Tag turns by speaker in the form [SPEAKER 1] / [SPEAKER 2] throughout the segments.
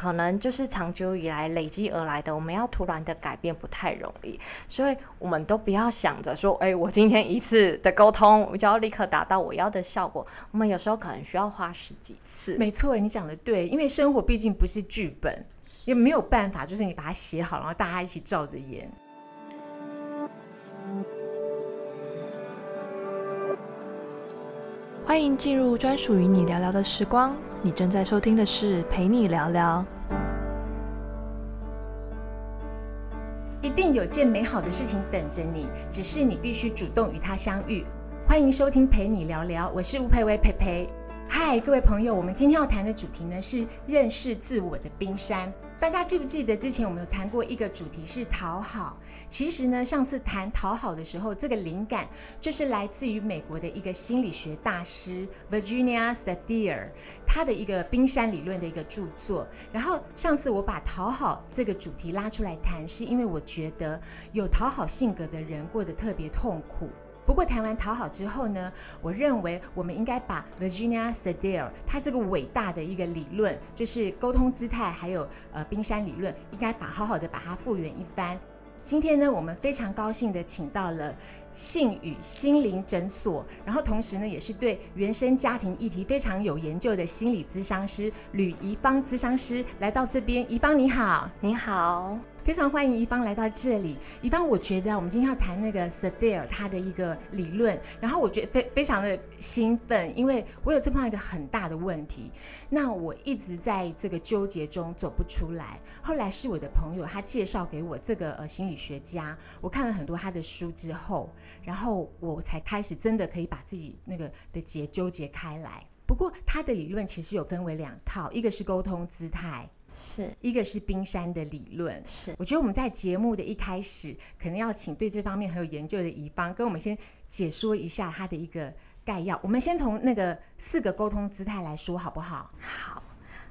[SPEAKER 1] 可能就是長久以來累積而來的，我們要突然的改變不太容易，所以我們都不要想着說，哎、欸，我今天一次的溝通我就要立刻達到我要的
[SPEAKER 2] 效果。我們有時候可能需要花十幾次。沒錯，你講的對，因為生活畢竟不是劇本，也沒有辦法，就是你把它寫好，然後大家一起照着演。
[SPEAKER 1] 歡迎進入專屬於蓓你聊聊的時光。你正在收聽的是《蓓你聊聊》，
[SPEAKER 2] 一定有件美好的事情等着你，只是你必須主動與它相遇。歡迎收聽《蓓你聊聊》，我是吳佩薇，佩佩。嗨，各位朋友，我們今天要談的主題呢，是認識自我的冰山。大家記不記得之前我們有談過一個主題是討好？其實呢，上次談討好的時候，這個靈感就是來自於美國的一個心理學大師 Virginia Satir，他的一個冰山理論的一個著作。然後上次我把討好這個主題拉出來談，是因為我覺得有討好性格的人過得特別痛苦。不過談完討好之後呢，我認為我們應該把 Virginia Satir 她這個偉大的一個理論，就是溝通姿態還有呃冰山理論，應該把好好的把它復原一番。今天呢，我們非常高興地請到了性與心靈診所，然後同時呢，也是對原生家庭議題非常有研究的心理諮商師呂宜芳諮商師來到這邊。宜芳你好。你好。非常歡迎宜芳來到這裡。宜芳，我覺得我們今天要談那個薩提爾他的一個理論，然後我覺得非非常的興奮，因為我有這麼一個很大的問題，那我一直在這個糾結中走不出來。後來是我的朋友他介紹給我這個呃心理學家，我看了很多他的書之後，然後我才開始真的可以把自己那個的結糾結開來。不過他的理論其實有分為兩套，一個是溝通姿態。是一個是冰山的理論，是我覺得我們在節目的一開始，可能要請對這方面很有研究的宜芳，跟我們先解說一下它的一個概要。我們先從那個四個溝通姿態來說，好不好？好。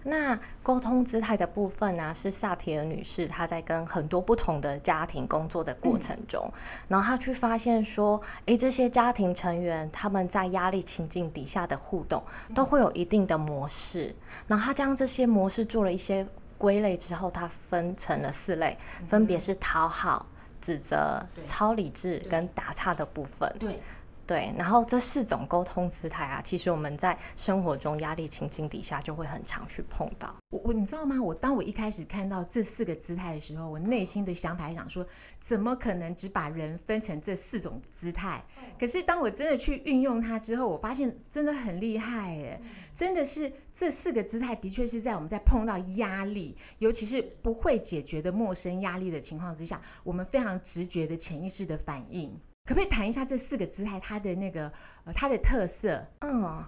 [SPEAKER 2] 那溝通姿態
[SPEAKER 1] 的部分呢、啊，是薩提爾女士她在跟很多不同的家庭工作的過程中，嗯、然後她去發現說，哎，這些家庭成員他們在壓力情境底下的互動都會有一定的模式，嗯，然後她將這些模式做了一些歸類之後，她分成了四類，分別是討好、指責、嗯、超理智跟打岔的部分。對。對對對，然後這四種溝通姿態啊，其實我們在生活中壓力情境底下就會很常去碰到。
[SPEAKER 2] 我我你知道嗎？我當我一開始看到這四個姿態的時候，我內心的想法想說，怎麼可能只把人分成這四種姿態？嗯、可是當我真的去運用它之後，我發現真的很厲害誒、嗯，真的是這四個姿態的確是在我們在碰到壓力，尤其是不會解決的陌生壓力的情況之下，我們非常直覺的潛意識的反應。可不可以談一下這四個姿態，它的那個呃，它的特色？嗯，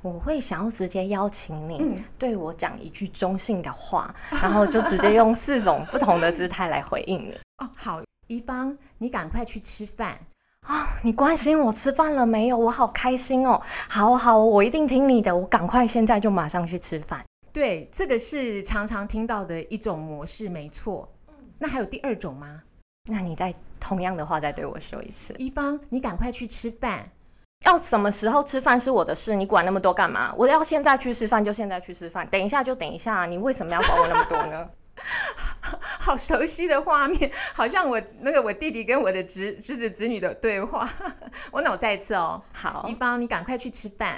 [SPEAKER 2] 我會想要直接邀請你、嗯、對，我講一句中性的話，
[SPEAKER 1] 然後就直接用四種不同的姿態來回應你。哦，
[SPEAKER 2] 好，宜芳，你趕快去吃飯啊、
[SPEAKER 1] 哦！你關心我吃飯了沒有？我好開心哦！好好，我一定聽你的，我趕快現在就馬上去吃飯。
[SPEAKER 2] 對，這個是常常聽到的一種模式，沒錯。那還有第二種嗎？那你在，同樣的話再對我說一次，宜芳，你趕快去吃飯。要什麼時候吃飯是我的
[SPEAKER 1] 事，你管那麼多幹嘛？我要現在去吃飯就現在去吃飯，等一下就等一下。你為什麼要管我那麼多呢？
[SPEAKER 2] 好，好熟悉的畫面，好像我那個我弟弟跟我的侄侄子侄女的對話。 我腦再一次哦，好，宜芳，你趕快去吃飯。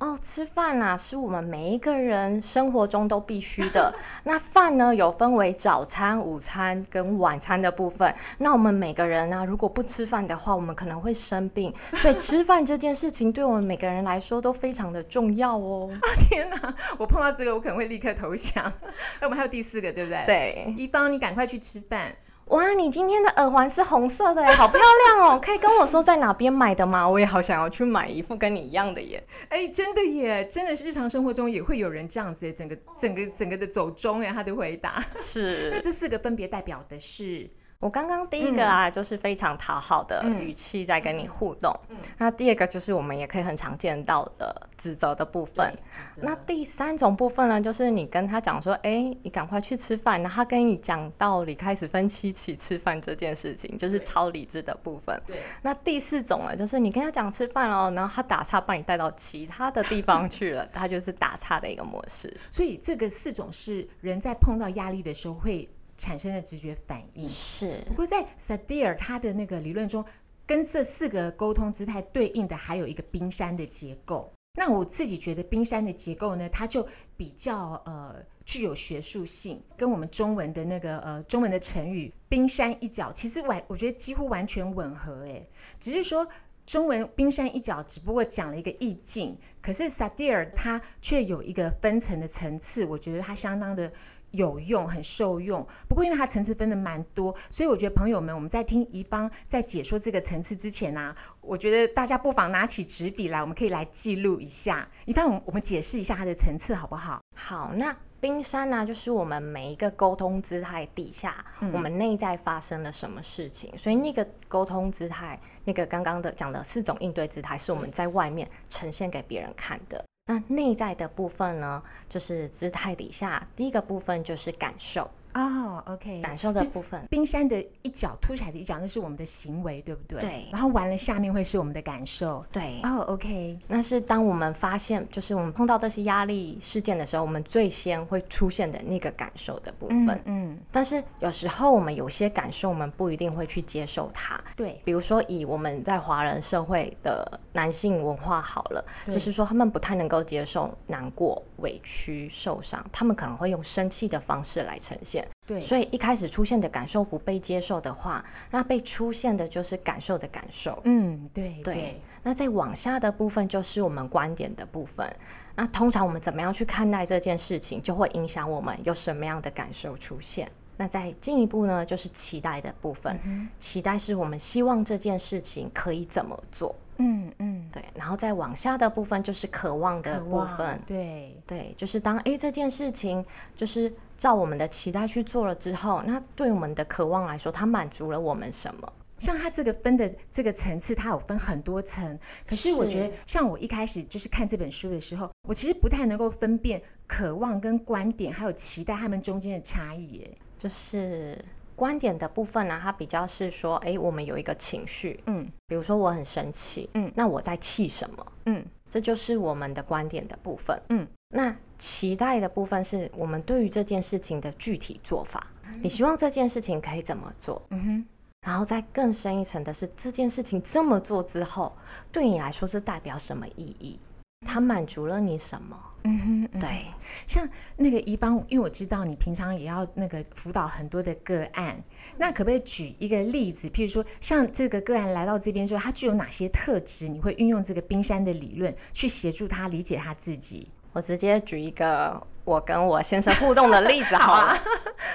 [SPEAKER 1] 哦，吃飯啊，是我們每一個人生活中都必須的。 那飯呢，有分為早餐、午餐跟晚餐的部分。那我們每個人啊，如果不吃飯的話，我們可能會生病。所以吃飯這件事情，對我們每個人來說都非常的重要哦。 啊、天
[SPEAKER 2] 哪，我碰到這個，我可能會立刻投降。那 我們還有第四個，對不對？對，宜芳，你趕快去吃飯。哇，你今天的耳環是紅色的耶，好漂亮哦、喔！ 可以跟
[SPEAKER 1] 我說在哪邊買的嗎？我也好想要去買一副跟你一樣的耶。
[SPEAKER 2] 哎、欸，真的耶，真的是日常生活中也會有人這樣子耶，整個整個整個的走鐘哎，他的回答是， 那這四個分別代表的是。
[SPEAKER 1] 我剛剛第一個啊，嗯、就是非常討好的語氣在跟你互動、嗯。那第二個就是我們也可以很常見到的指責的部分。那第三種部分呢，就是你跟他講說，哎、欸，你趕快去吃飯，那他跟你講道理，開始分析起吃飯這件事情，就是超理智的部分。對對，那第四種呢，就是你跟他講吃飯嘍，然後他打岔，把你帶到其他的地方去了， 他就是打岔的一個模式。
[SPEAKER 2] 所以這個四種是人在碰到壓力的時候會。產生的直覺反應是，不過在薩蒂爾他的那個理論中，跟這四個溝通姿態對應的還有一個冰山的結構。那我自己覺得冰山的結構呢，它就比較呃具有學術性，跟我們中文的那個呃中文的成語“冰山一角”，其實完我覺得幾乎完全吻合誒。只是說中文“冰山一角”只不過講了一個意境，可是、嗯、薩蒂爾它卻有一個分層的層次，我覺得它相當的。有用，很受用。不過因為它層次分的蠻多，所以我覺得朋友們，我們在聽宜芳在解說這個層次之前吶、啊，我覺得大家不妨拿起紙筆來，我們可以來記錄一下。宜芳，我們我們解釋一下它的層次好不好？好，那冰山呢、啊，就是我們
[SPEAKER 1] 每一個溝通姿態底下、嗯，我們內在發生了什麼事情。所以那個溝通姿態，那個剛剛的講的四種應對姿態，是我們在外面呈現給別人看的。那內在的部分呢，就是姿態底下，第一個部分就是
[SPEAKER 2] 感受。哦、oh,，OK，感受的部分，冰山的一角凸起來的一角，那是我們的行為，對不對？對。然後完了，下面會是我們的感受，對。哦、oh,，OK，那是當我
[SPEAKER 1] 們發現，就是我們碰到這些壓力事件的時候，我們最先會出現的那個感受的部分。嗯。嗯，但是有時候我們有些感受，我們不一定會去接受它。對。比如說，以我們在華人社會的男性文化好了，就是說他們不太能夠接受難過、委屈、受傷，他們可能會用生氣的方式來呈現。對，所以一開始出現的感受不被接受的話，那被出現的就是感受的感受。嗯，對對，對。那再往下的部分就是我們觀點的部分。那通常我們怎麼樣去看待這件事情，就會影響我們有什麼樣的感受出現。那再進一步呢，就是期待的部分。嗯、期待是我們希望這件事情可以怎麼做。嗯嗯，對。然後再往下的部分就是渴望的部分。對。對，就是當誒、欸、這件事情，就是照我們的期待去做了之後，那對我們的渴望來說，它滿足了我們什麼？
[SPEAKER 2] 像它這個分的這個層次，它有分很多層。可是我覺得，像我一開始就是看這本書的時候，我其實不太能夠分辨渴望跟觀點還有期待他們中間的差異。哎，就是觀點的部分呢、啊，它比較是說，哎、欸，我們有一
[SPEAKER 1] 個情緒，嗯，比如說我很生氣，嗯，那我在氣什麼？嗯，這就是我們的觀點的部分，嗯。那期待的部分是我們對於這件事情的具體做法，嗯，你希望這件事情可以怎麼做？嗯哼。然後再更深一層的是，這件事情這麼做之後，對你來說是代表什麼意義？
[SPEAKER 2] 它滿足了你什麼？嗯哼嗯。對，像那個宜芳，因為我知道你平常也要那個輔導很多的個案，那可不可以舉一個例子？譬如說，像這個個案來到這邊之後，它具有哪些特質？你會運用這個冰山的理論去協助他理解他自己？我直接舉一個我跟我先生互動的例子 好了、啊，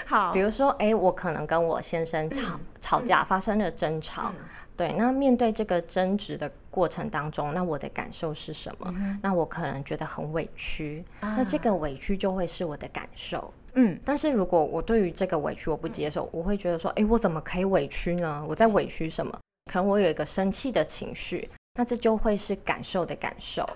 [SPEAKER 2] 好，啊、 好，比如
[SPEAKER 1] 說，哎、欸，我可能跟我先生吵 吵架，發生了爭吵、嗯，對，那面對這個爭執的過程當中，那我的感受是什麼？嗯、那我可能覺得很委屈、啊，那這個委屈就會是我的感受，嗯，但是如果我對於這個委屈我不接受，嗯、我會覺得說，哎、欸，我怎麼可以委屈呢？我在委屈什麼？可能我有一個生氣的情緒，那這就會是感受的感受。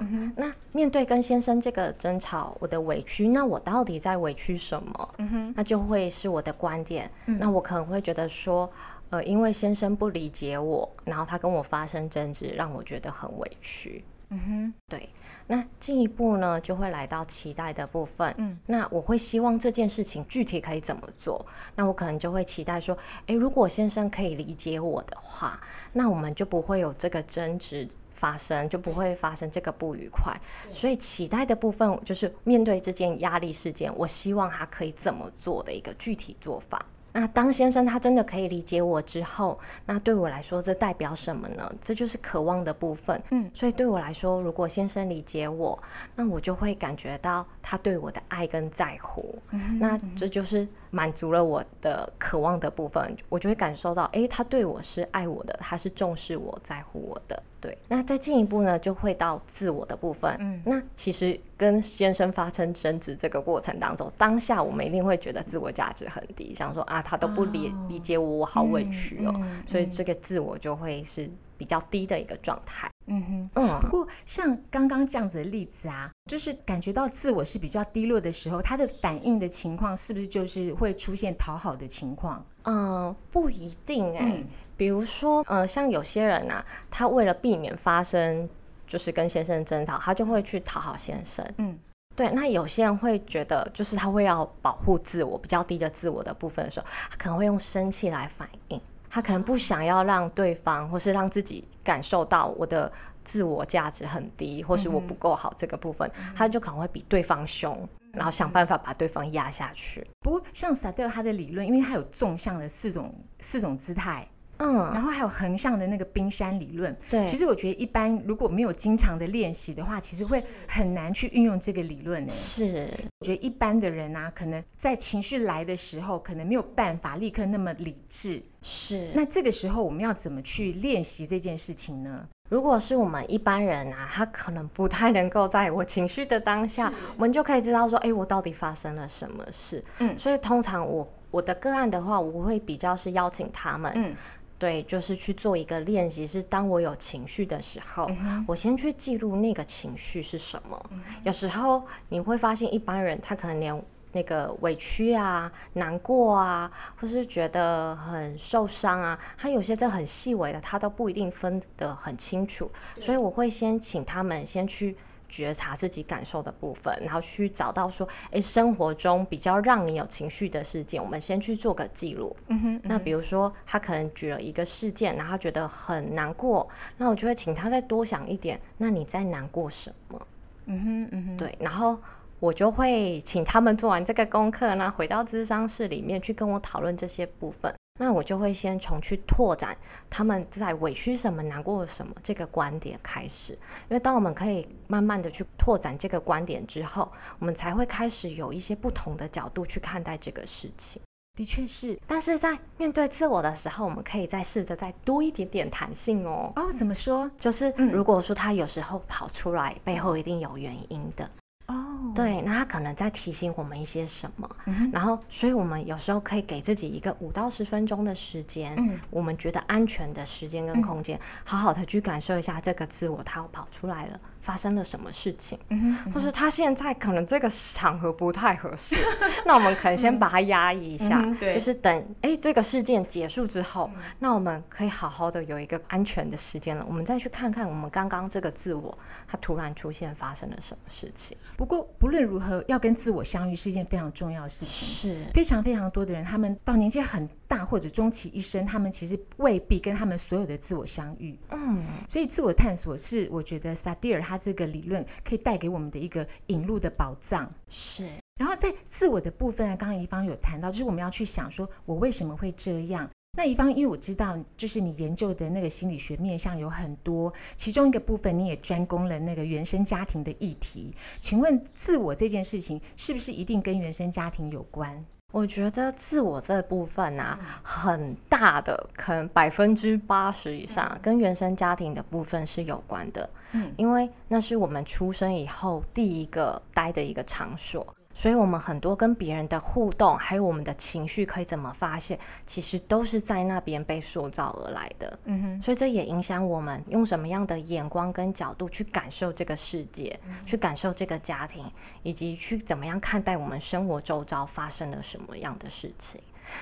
[SPEAKER 1] Mm -hmm. 那面對跟先生這個爭吵，我的委屈，那我到底在委屈什麼？Mm -hmm. 那就會是我的觀點。Mm -hmm. 那我可能會覺得說，呃，因為先生不理解我，然後他跟我發生爭執，讓我覺得很委屈。嗯
[SPEAKER 2] 哼，
[SPEAKER 1] 對。那進一步呢，就會來到期待的部分。嗯、mm -hmm.，那我會希望這件事情具體可以怎麼做？那我可能就會期待說，誒，如果先生可以理解我的話，那我們就不會有這個爭執。發生就不會發生這個不愉快，所以期待的部分就是面對這件壓力事件，我希望他可以怎麼做的一個具體做法。那當先生他真的可以理解我之後，那對我來說這代表什麼呢？這就是渴望的部分。嗯，所以對我來說，如果先生理解我，那我就會感覺到他對我的愛跟在乎。嗯，那這就是滿足了我的渴望的部分，我就會感受到，誒、欸，他對我是愛我的，他是重視我在乎我的。對，那再進一步呢，就會到自我的部分。嗯，那其實跟先生發生爭執這個過程當中，當下我們一定會覺得自我價值很低，想說啊，他都不理、哦、理解我，我好委屈哦、嗯嗯。所以這個自我就會是比較低的一個狀態。嗯
[SPEAKER 2] 哼，嗯。不過像剛剛這樣子的例子啊，就是感覺到自我是比較低落的時候，他的反應的情況是不是就是會出現討好的情況？嗯，不一定哎、欸。嗯
[SPEAKER 1] 比如說，呃，像有些人吶、啊，他為了避免發生，就是跟先生爭吵，他就會去討好先生。嗯，對。那有些人會覺得，就是他會要保護自我比較低的自我的部分的時候，他可能會用生氣來反應，他可能不想要讓對方、啊、或是讓自己感受到我的自我價值很低，或是我不夠好這個部分、嗯，他就可能會比對方凶、嗯，然後想辦法把對方壓
[SPEAKER 2] 下去。嗯、不過，像薩提爾他的理論，因為他有縱向的四種四種姿態。嗯，然後還有橫向的那個冰山理論，對，其實我覺得一般如果沒有經常的練習的話，其實會很難去運用這個理論呢。是，我覺得一般的人啊，可能在情緒來的時候，可能沒有辦法立刻那麼理智。是，那這個時候我們要怎麼去練習這件事情呢？如果是我們一般人啊，他可
[SPEAKER 1] 能不太能夠在我情緒的當下，我們就可以知道說，哎、欸，我到底發生了什麼事。嗯，所以通常我我的個案的話，我會比較是邀請他們，嗯。對，就是去做一個練習。是當我有情緒的時候，嗯、我先去記錄那個情緒是什麼。嗯、有時候你會發現，一般人他可能連那個委屈啊、難過啊，或是覺得很受傷啊，他有些都很細微的，他都不一定分得很清楚。所以我會先請他們先去。覺察自己感受的部分，然後去找到說，誒，生活中比較讓你有情緒的事件，我們先去做個記錄。嗯哼。
[SPEAKER 2] 嗯哼，那比
[SPEAKER 1] 如說他可能舉了一個事件，然後他覺得很難過，那我就會請他再多想一點，那你在難過什麼？嗯哼，嗯哼，對。然後我就會請他們做完這個功課，那回到諮商室裡面去跟我討論這些部分。那我就會先從去拓展他們在委屈什麼、難過什麼這個觀點開始，因為當我們可以慢慢的去拓展這個觀點之後，我們才會開始有一些不同的角度去看待這個事情。的確是，但是在面對自我的時候，我們可以再試着再多一點點彈性哦。哦，怎麼說？就是如果說他有時候跑出來，背後一定有原因的。
[SPEAKER 2] 哦、oh.，對，
[SPEAKER 1] 那他可能在提醒我們一些什麼，mm -hmm. 然後，所以我們有時候可以給自己一個五到十分鐘的時間，mm -hmm. 我們覺得安全的時間跟空間，mm -hmm. 好好的去感受一下這個自我，它跑出來了。發生了什麼事情？嗯，或是他現在可能這個場合不太合適， 那我們可能先把他壓抑一下， 嗯、就是等誒、欸，這個事件結束之後，嗯，那我們可以好好的有一個安全的時間了，我們再去看看我們剛剛這個自我他突然出現發生了什麼事情。
[SPEAKER 2] 不過不論如何，要跟自我相遇是一件非常重要的事情，是非常非常多的人，他們到年紀很。大或者終其一生，他們其實未必跟他們所有的自我相遇。嗯，所以自我探索是我覺得薩蒂爾他這個理論可以帶給我們的一個引路的寶藏。是，然後在自我的部分啊，剛剛宜芳有談到，就是我們要去想說我為什麼會這樣。那宜芳，因為我知道，就是你研究的那個心理學面向有很多，其中一個部分你也專攻了那個原生家庭的議題。請問，自我這件事情是不是一定跟原生家庭有關？我覺得自我
[SPEAKER 1] 這部分啊，嗯、很大的，可能百分之八十以上，啊嗯、跟原生家庭的部分是有關的，嗯，因為那是我們出生以後第一個待的一個場所。所以，我們很多跟別人的互動，還有我們的情緒，可以怎麼發現，其實都是在那邊被塑造而來的。嗯哼，所以這也影響我們用什麼樣的眼光跟角度去感受這個世界，嗯，去感受這個家庭，以及去怎麼樣看待我們生活周遭發生了什麼樣的事情。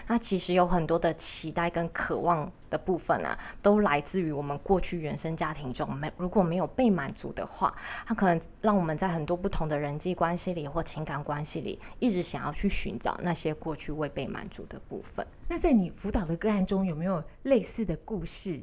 [SPEAKER 1] 那其實有很多的期待跟渴望的部分啊，都來自於我們過去原生家庭中沒如果沒有被滿足的話，它可能讓我們在很多不同的人際關係裡或情感關係裡，一直想要去尋找那些過去未被滿足的部分。
[SPEAKER 2] 那在你輔導的個案中，有沒有類似的故事，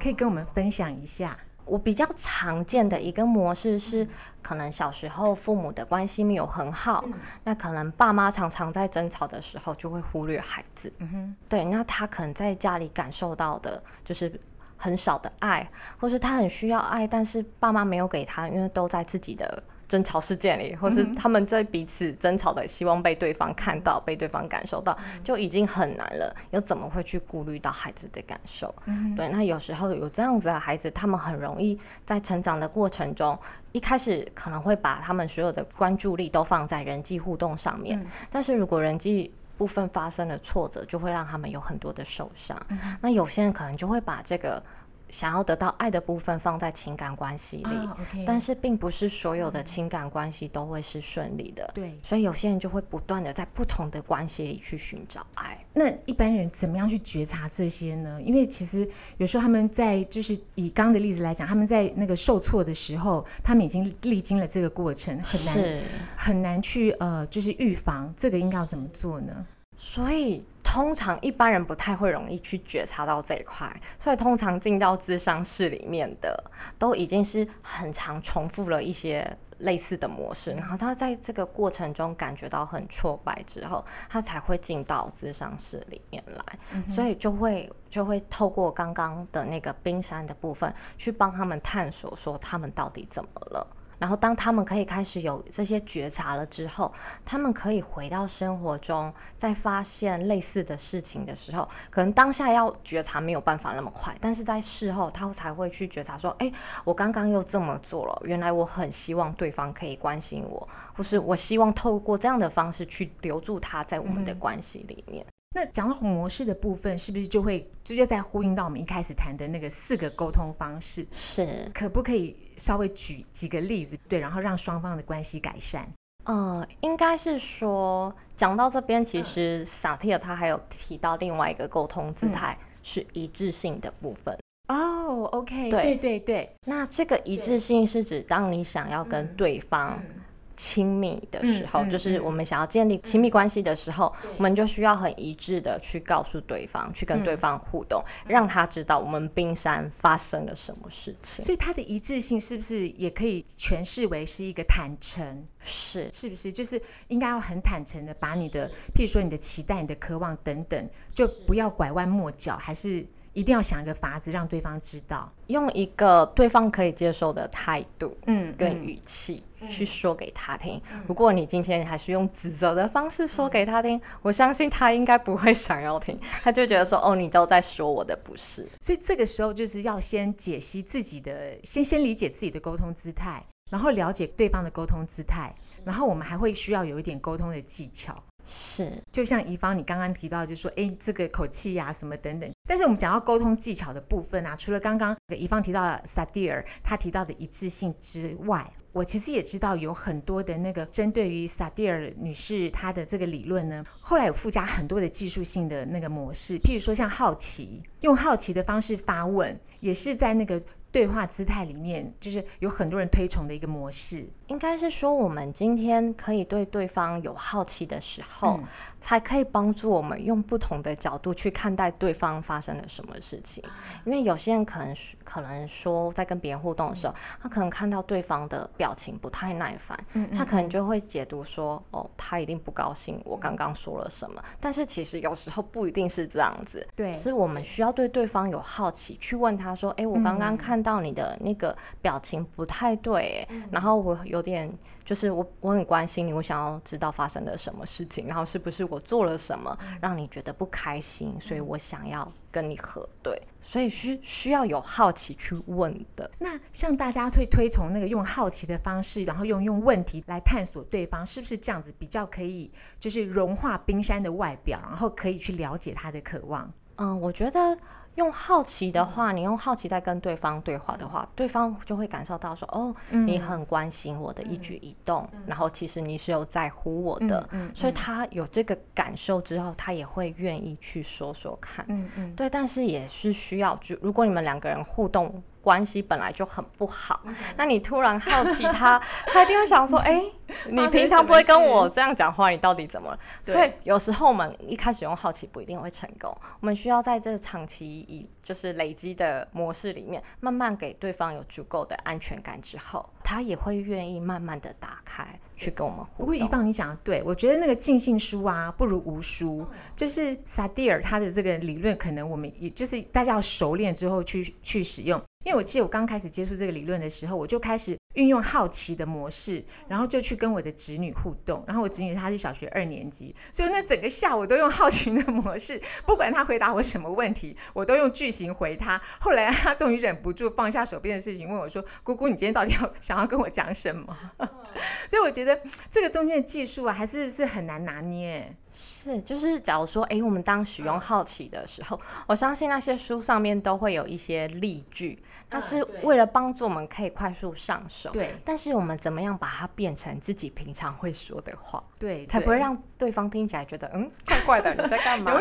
[SPEAKER 2] 可以跟我們分享一下？嗯我比較常見的一個模
[SPEAKER 1] 式是，可能小時候父母的關係沒有很好，嗯、那可能爸媽常常在爭吵的時候就會忽略孩子。嗯哼，對，那他可能在家裡感受到的就是很少的愛，或是他很需要愛，但是爸媽沒有給他，因為都在自己的。爭吵事件裡，或是他們在彼此爭吵的，希望被對方看到、嗯、被對方感受到，就已經很難了，又怎麼會去顧慮到孩子的感受、嗯？對，那有時候有這樣子的孩子，他們很容易在成長的過程中，一開始可能會把他們所有的關注力都放在人際互動上面、嗯，但是如果人際部分發生了挫折，就會讓他們有很多的受傷、嗯。那有些人可能就會把這個。想要得到愛的部分放在情感關係裡，啊 okay. 但是並不是所有的情感關係都會是順利的、嗯。對，所以有些人就會不斷的在不同的關係裡去尋找愛。
[SPEAKER 2] 那一般人怎麼樣去覺察這些呢？因為其實有時候他們在就是以剛的例子來講，他們在那個受挫的時候，他們已經歷經了這個過程，很難是很難去呃就是預防這個應該要怎麼做呢？所以。通
[SPEAKER 1] 常一般人不太會容易去覺察到這一塊，所以通常進到諮商室裡面的都已經是很常重複了一些類似的模式，然後他在這個過程中感覺到很挫敗之後，他才會進到諮商室裡面來，嗯、所以就會就會透過剛剛的那個冰山的部分去幫他們探索說他們到底怎麼了。然後，當他們可以開始有這些覺察了之後，他們可以回到生活中，在發現類似的事情的時候，可能當下要覺察沒有辦法那麼快，但是在事後他才會去覺察說：“哎，我剛剛又這麼做了，原來我很希望對方可以關心我，或是我希望透過這樣的方式去留住他在我們的關係裡面。”嗯。
[SPEAKER 2] 那講到模式的部分，是不是就會直接再呼應到我們一開始談的那個四個溝通方式？是，可不可以稍微舉幾個例子，對，然後讓雙方的關係改善？
[SPEAKER 1] 呃，應該是說，講到這邊，其實薩提爾他還有提到另外一個溝通姿態，嗯、是一致性的部分。
[SPEAKER 2] 哦、oh，OK，對對對，
[SPEAKER 1] 對。那這個一致性是指，當你想要跟對方。對嗯嗯親密的時候、嗯嗯，就是我們想要建立親密關係的時候，嗯、我們就需要很一致的去告訴對方，嗯、去跟對方互動、嗯，讓他知道我們冰山發生了什麼事情。所以，
[SPEAKER 2] 他的一致性是不是也可以詮釋為是一個坦誠？嗯、是，是不是就是應該要很坦誠的把你的，譬如說你的期待、你的渴望等等，就不要拐彎抹角？是還是？一定要想一個法子，讓對方知道，用一個對方可以
[SPEAKER 1] 接受的態度，嗯，跟語氣去說給他聽，嗯。如果你今天還是用指責的方式說給他聽，嗯、我相信他應該不會想要聽，他就覺得說哦，你都在說我的不是。
[SPEAKER 2] 所以這個時候就是要先解析自己的，先先理解自己的溝通姿態，然後了解對方的溝通姿態，然後我們還會需要有一點溝通的技巧。是，就像宜芳你剛剛提到就是，就說哎，這個口氣呀、啊，什麼等等。但是我們講到溝通技巧的部分啊，除了剛剛宜芳提到薩提爾她提到的一致性之外，我其實也知道有很多的那個針對於薩提爾女士她的這個理論呢，後來有附加很多的技術性的那個模式，譬如說像好奇，用好奇的方式發問，也是在那個對話姿態裡面，就是有很多人推崇的一個模式。應該是說，我們今天可以對對方有好奇的時候，嗯、
[SPEAKER 1] 才可以幫助我們用不同的角度去看待對方發生了什麼事情。因為有些人可能可能說，在跟別人互動的時候、嗯，他可能看到對方的表情不太耐煩、嗯嗯嗯，他可能就會解讀說：“哦，他一定不高興，我剛剛說了什麼？”但是其實有時候不一定是這樣子。對，是我們需要對對方有好奇，去問他說：“哎、欸，我剛剛看到你的那個表情不太對、欸嗯嗯，然後我有。”有點，就是我我很關心你，我想要知道發生了什麼事情，然後是不是我做了什麼讓你覺得不開心，所以我想要跟你核對，
[SPEAKER 2] 所以需需要有好奇去問的。那像大家最推、推崇那個用好奇的方式，然後用用問題來探索對方是不是這樣子，比較可以就是融化冰山的外表，然後可以去了解他的渴望。
[SPEAKER 1] 嗯，我覺得。用好奇的話、嗯，你用好奇在跟對方對話的話，嗯、對方就會感受到說：“哦，嗯、你很關心我的、嗯、一舉一動、嗯，然後其實你是有在乎我的。嗯嗯”所以他有這個感受之後，他也會願意去說說看、嗯嗯。對，但是也是需要，就如果你們兩個人互動。關係本來就很不好，Okay. 那你突然好奇他， 他一定會想說：哎、 欸，你平常不會跟我這樣講話，你到底怎麼了？所以有時候我們一開始用好奇不一定會成功，我們需要在這長期以就是累積的模式裡面，慢慢給對方有足夠的安全感之後，他也會願
[SPEAKER 2] 意慢慢的打
[SPEAKER 1] 開去
[SPEAKER 2] 跟我們互動。不過一放你講，對，我覺得那個盡信書啊，不如無書。嗯、就是薩蒂爾他的這個理論，可能我們也就是大家要熟練之後去去使用。因為我記得我剛開始接觸這個理論的時候，我就開始。運用好奇的模式，然後就去跟我的侄女互動。然後我侄女她是小學二年級，所以那整個下午我都用好奇的模式，不管她回答我什麼問題，我都用句型回她。後來她終於忍不住放下手邊的事情，問我說：“姑姑，你今天到底要想要跟我講什麼？”嗯、 所以我覺得這個中間的技術啊，還是是很難拿捏。
[SPEAKER 1] 是，就是假如說，哎、欸，我們當使用好奇的時候、嗯，我相信那些書上面都會有一些例句，它是為了幫助我們可以快速上手。對，但是我們怎麼樣把它變成自己平常會說的話？
[SPEAKER 2] 對，才不會讓
[SPEAKER 1] 對方聽起來
[SPEAKER 2] 覺得，嗯，怪怪的 你在幹嘛？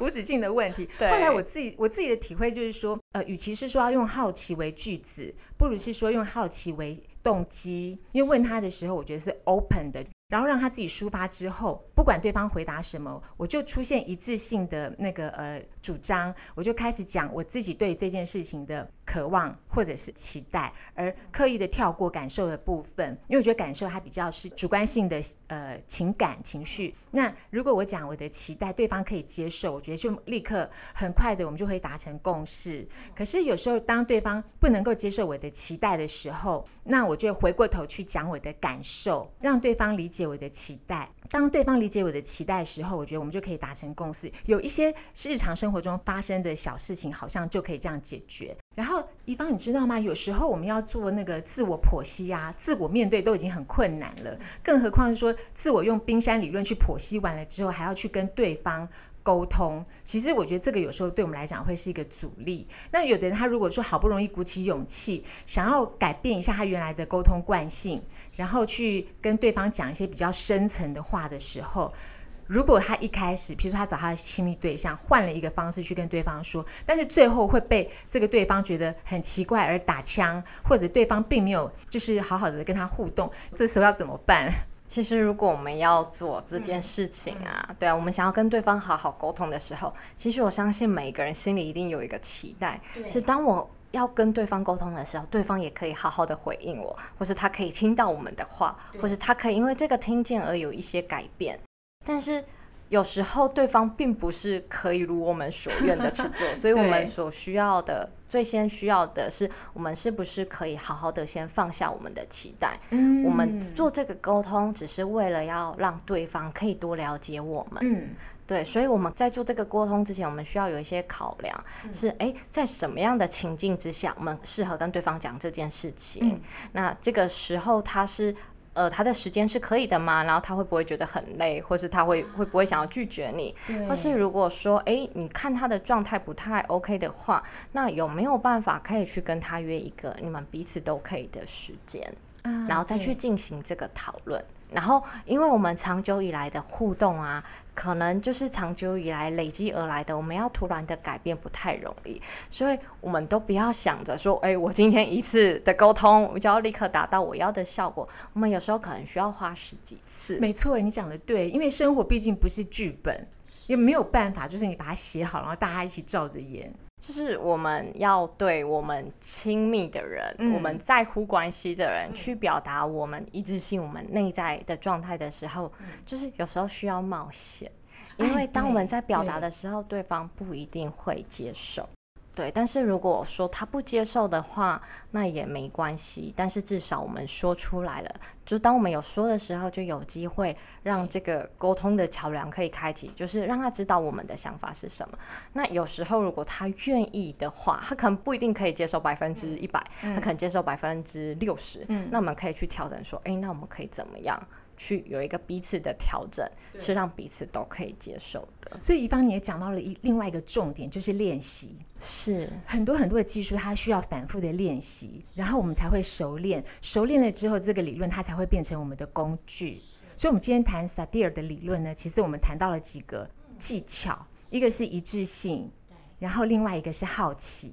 [SPEAKER 2] 無止境的問題。對。後來我自己我自己的體會就是說。呃，與其是說要用好奇為句子，不如是說用好奇為動機。因為問他的時候，我覺得是 open 的，然後讓他自己抒發之後，不管對方回答什麼，我就出現一致性的那個呃主張，我就開始講我自己對這件事情的渴望或者是期待，而刻意的跳過感受的部分，因為我覺得感受它比較是主觀性的呃情感情緒。那如果我講我的期待，對方可以接受，我覺得就立刻很快的我們就可以達成共識。可是有時候，當對方不能夠接受我的期待的時候，那我就回過頭去講我的感受，讓對方理解我的期待。當對方理解我的期待的時候，我覺得我們就可以達成共識。有一些日常生活中發生的小事情，好像就可以這樣解決。然後，宜芳，你知道嗎？有時候我們要做那個自我剖析啊，自我面對都已經很困難了，更何況是說自我用冰山理論去剖析完了之後，還要去跟對方。溝通，其實我覺得這個有時候對我們來講會是一個阻力。那有的人他如果說好不容易鼓起勇氣，想要改變一下他原來的溝通慣性，然後去跟對方講一些比較深層的話的時候，如果他一開始，比如說他找他的親密對象換了一個方式去跟對方說，但是最後會被這個對方覺得很奇怪而打槍，或者對方並沒有就是好好的跟他互動，這時候要怎麼辦？其實，如果我們要做這件事情啊、嗯
[SPEAKER 1] 嗯，對啊，我們想要跟對方好好溝通的時候，其實我相信每一個人心裡一定有一個期待，是當我要跟對方溝通的時候，對方也可以好好的回應我，或是他可以聽到我們的話，或是他可以因為這個聽見而有一些改變。但是。有時候對方並不是可以如我們所願的去做， 所以我們所需要的，最先需要的是，我們是不是可以好好的先放下我們的期待？嗯，我們做這個溝通只是為了要讓對方可以多了解我們。嗯，對，所以我們在做這個溝通之前，我們需要有一些考量，嗯，是誒、欸，在什麼樣的情境之下，我們適合跟對方講這件事情，嗯。那這個時候他是。呃，他的時間是可以的嗎？然後他會不會覺得很累，或是他會會不會想要拒絕你？ 或是如果說，哎、欸，你看他的狀態不太 OK 的話，那有沒有辦法可以去跟他約一個你們彼此都可以的時間
[SPEAKER 2] 然後再去
[SPEAKER 1] 進行這個討論。 嗯然後，因為我們長久以來的互動啊，可能就是長久以來累積而來的，我們要突然的改變不太容易，所以我們都不要想着說，哎、欸，我今天一次的溝通我就要立刻達到我要的
[SPEAKER 2] 效果。我們有時候可能需要花十幾次。沒錯，你講的對，因為生活畢竟不是劇本，也沒有辦法，就是你把它寫好，然後大家一起照着演。
[SPEAKER 1] 就是我們要對我們親密的人、嗯，我們在乎關係的人，去表達我們一致性、我們內在的狀態的時候、嗯，就是有時候需要冒險、哎，因為當我們在表達的時候，對，對，對方不一定會接受。對，但是如果說他不接受的話，那也沒關係。但是至少我們說出來了，就當我們有說的時候，就有機會讓這個溝通的橋樑可以開啟、嗯，就是讓他知道我們的想法是什麼。那有時候如果他願意的話，他可能不一定可以接受百分之一百，他可能接受百分之六十。嗯，那我們可以去調整說，哎，那我們可以怎麼樣？去有一個彼此的調整，是讓彼此都
[SPEAKER 2] 可以接受的。所以宜芳你也講到了一另外一個重點，就是練習，是很多很多的技術，它需要反覆的練習，然後我們才會熟練。熟練了之後，這個理論它才會變成我們的工具。所以，我們今天談薩提爾的理論呢、嗯，其實我們談到了幾個、嗯、技巧，一個是一致性，然後另外一個是好奇，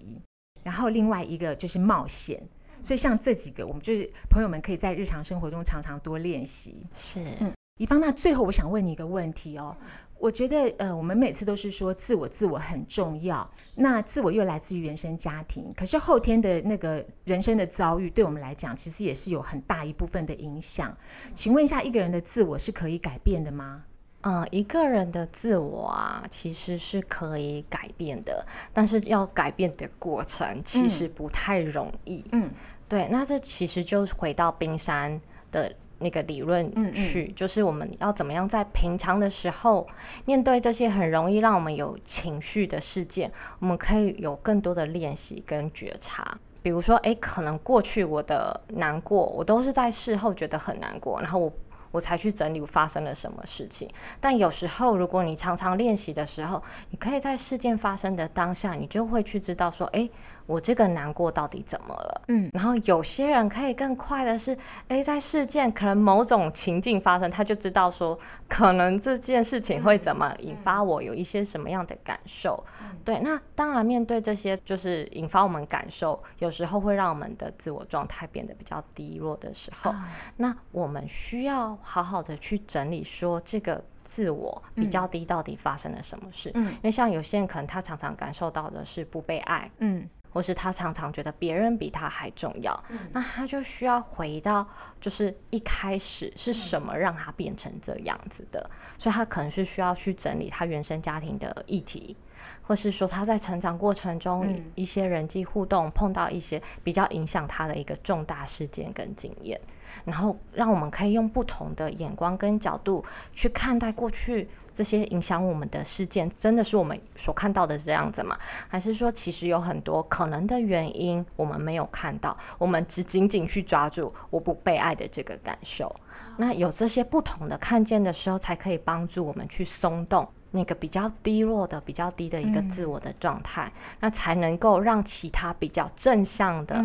[SPEAKER 2] 然後另外一個就是冒險。所以像這幾個，我們就是朋友們可以在日常生活中常常多練習。是，嗯，宜芳。那最後我想問你一個問題哦。我覺得，呃，我們每次都是說自我，自我很重要。那自我又來自於原生家庭，可是後天的那個人生的遭遇，對我們來講，其實也是有很大一部分的影響。請問一下，一個人的自我是可以改變的嗎？嗯、呃，一個人的自我啊，其實是可以改變的，但是要改變的
[SPEAKER 1] 過程其實不太容易。嗯，嗯對，那這其實就是回到冰山的那個理論去嗯嗯，就是我們要怎麼樣在平常的時候面對這些很容易讓我們有情緒的事件，我們可以有更多的練習跟覺察。比如說，哎、欸，可能過去我的難過，我都是在事後覺得很難過，然後我。我才去整理我發生了什麼事情。但有時候，如果你常常練習的時候，你可以在事件發生的當下，你就會去知道說，哎、欸。我這個難過到底怎麼了？嗯，然後有些人可以更快的是，誒、欸，在事件可能某種情境發生，他就知道說，可能這件事情會怎麼引發我有一些什麼樣的感受、嗯。對，那當然面對這些就是引發我們感受，有時候會讓我們的自我狀態變得比較低落的時候、啊，那我們需要好好的去整理說這個自我比較低到底發生了什麼事。嗯，因為像有些人可能他常常感受到的是不被愛。嗯。或是他常常覺得別人比他還重要，嗯，那他就需要回到就是一開始是什麼讓他變成這樣子的，嗯，所以他可能是需要去整理他原生家庭的議題。或是說他在成長過程中一些人際互動碰到一些比較影響他的一個重大事件跟經驗，然後讓我們可以用不同的眼光跟角度去看待過去這些影響我們的事件，真的是我們所看到的這樣子嗎？還是說其實有很多可能的原因我們沒有看到，我們只緊緊去抓住我不被愛的這個感受？那有這些不同的看見的時候，才可以幫助我們去鬆動。那個比較低落的、比較低的一個自我的狀態，嗯，那才能夠讓其他比較正向的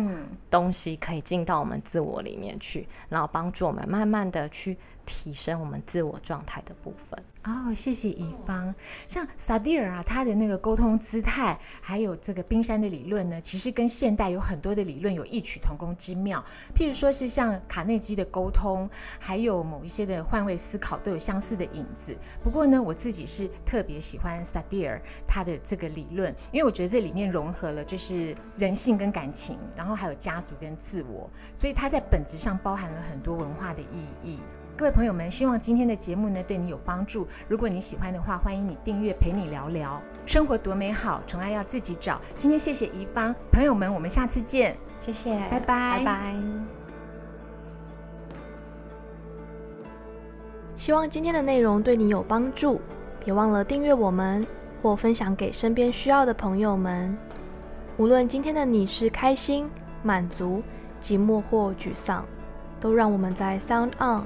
[SPEAKER 1] 東西可以進到我們自我裡面去，然後幫助我們慢慢的去。提升我們自我狀態的部分
[SPEAKER 2] 哦，oh, 謝謝宜芳。像薩蒂爾啊，他的那個溝通姿態，還有這個冰山的理論呢，其實跟現代有很多的理論有異曲同工之妙。譬如說是像卡內基的溝通，還有某一些的換位思考都有相似的影子。不過呢，我自己是特別喜歡薩蒂爾他的這個理論，因為我覺得這裡面融合了就是人性跟感情，然後還有家族跟自我，所以他在本質上包含了很多文化的意義。各位朋友們，希望今天的節目呢，對你有幫助。如果你喜歡的話，歡迎你訂閱《蓓你聊聊生活多美好》，寵愛要自己找。今天謝謝宜芳，朋友們，我們下次見。謝謝，拜拜，拜拜。
[SPEAKER 1] 希望今天的內容對你有幫助，別忘了訂閱我們或分享給身邊需要的朋友們。無論今天的你是開心、滿足、寂寞或沮喪，都讓我們在 Sound On。